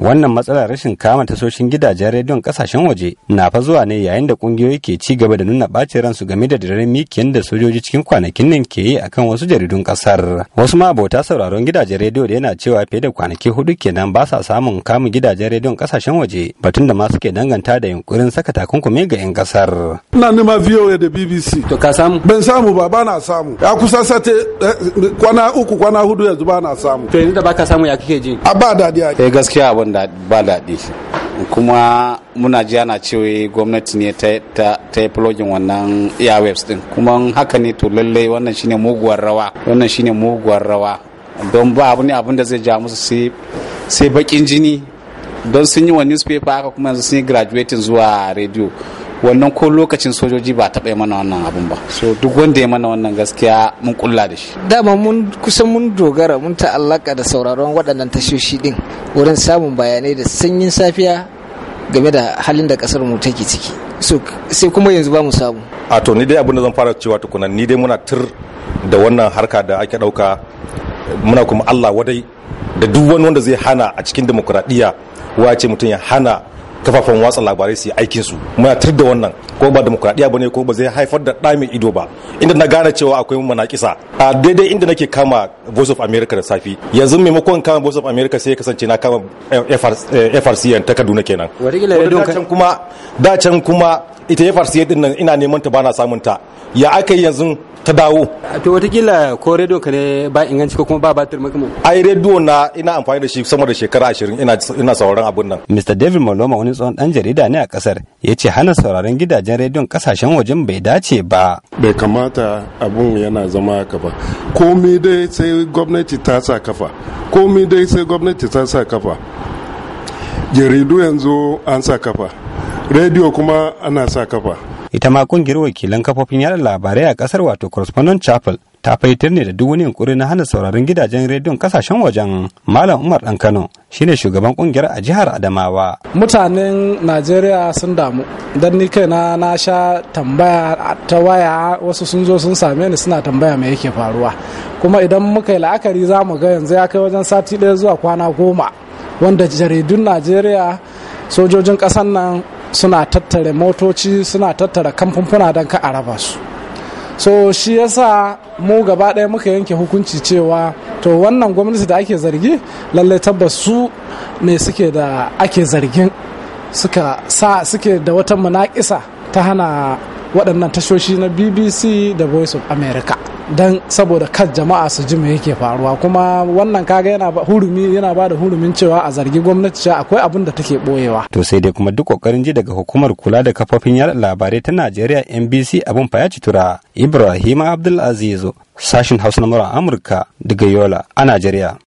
wannan matsalar rashin kama tasoshin gidajen rediyon kasashen waje na fa zuwa ne yayin da kungiyoyi ke ci gaba da nuna ɓacin ransu game da daren mikiyan da sojoji cikin kwanakin nan ke yi akan wasu jaridun kasar wasu ma abota sauraron gidajen rediyo da yana cewa fiye da kwanaki hudu kenan ba sa samun kama gidajen rediyon kasashen waje batun da ma suke danganta da yunkurin saka takunkumi ga yan kasar ina nema VOA da BBC to ka samu ban samu ba bana samu ya kusa sate eh, kwana uku kwana hudu yanzu bana samu to yanzu da baka samu ya kike ji a ba dadiya eh gaskiya ba daɗi kuma muna ji ana cewa gwamnati ne ta yi flogin wannan airwaves din kuma haka ne to lallai wannan shine muguwar rawa wannan shine muguwar rawa don ba abu ne abin da zai ja musu sai bakin jini don sun yi wa newspaper haka kuma yanzu sun yi graduating zuwa radio wannan ko lokacin sojoji ba taɓa mana wannan abun ba so duk wanda ya mana wannan gaskiya mun kulla da shi dama mun kusan mun dogara mun ta'allaka da sauraron waɗannan tashoshi din wurin samun bayanai da sanyin safiya game da halin da kasar mu take ciki so sai kuma yanzu ba mu samu a to ni dai abin da zan fara cewa tukuna ni dai muna tur da wannan harka da ake ɗauka muna kuma allah wadai da duk wani wanda zai hana a cikin demokuraɗiyya wace mutum ya hana kafafen watsa labarai su yi aikin su muna tar da wannan ko ba demokradiya bane ko ba zai haifar da ɗa ido ba inda na gane cewa akwai manakisa a daidai inda nake kama Voice of America da safi yanzu maimakon kama Voice of America sai kasance na kama FRCN eh, ta Kaduna kenan da can kuma da can kuma ita ya farsiye din nan ina neman ta bana samun ta ya aka yi yanzu ta dawo to watakila ko rediyo ka ne ba inganci ko kuma ba batir makamu ai rediyo na ina amfani da shi sama da shekara ashirin ina ina sauraron abun nan Mr David Maloma wani tsohon dan jarida ne a kasar ya ce hana sauraron gidajen rediyon kasashen wajen bai dace ba bai kamata abun yana zama haka ba komai dai sai gwamnati ta sa kafa komai dai sai gwamnati ta sa kafa jaridu yanzu an sa kafa rediyo kuma ana sa kafa ita ma kungiyar wakilan kafofin yada labarai a kasar wato correspondent chapel ta faitar ne da duk wani yunkuri na hana sauraron gidajen rediyon kasashen wajen malam umar dan kano shine shugaban kungiyar a jihar adamawa mutanen najeriya sun damu don ni kaina na sha tambaya ta waya wasu sun zo sun same ni suna tambaya me yake faruwa kuma idan muka yi la'akari za mu ga yanzu ya kai wajen sati ɗaya zuwa kwana goma wanda jaridun najeriya sojojin ƙasar nan suna tattare motoci suna tattara kamfunfuna don ka a su so shi yasa mu gaba ɗaya muka yanke hukunci cewa to wannan gwamnati da ake zargi lalle tabbas su ne suke da ake zargin suka sa suke da wata munakisa ta hana waɗannan tashoshi na bbc da voice of america don saboda kan jama'a su ji me yake faruwa kuma wannan kaga yana ba hurumi yana ba da hurumin cewa a zargi gwamnati cewa akwai abin da take boyewa to sai dai kuma duk kokarin ji daga hukumar kula da kafofin yaɗa labarai ta Najeriya NBC abin fa ya tura Ibrahim Abdul Aziz sashin Hausa na Amurka daga Yola a Najeriya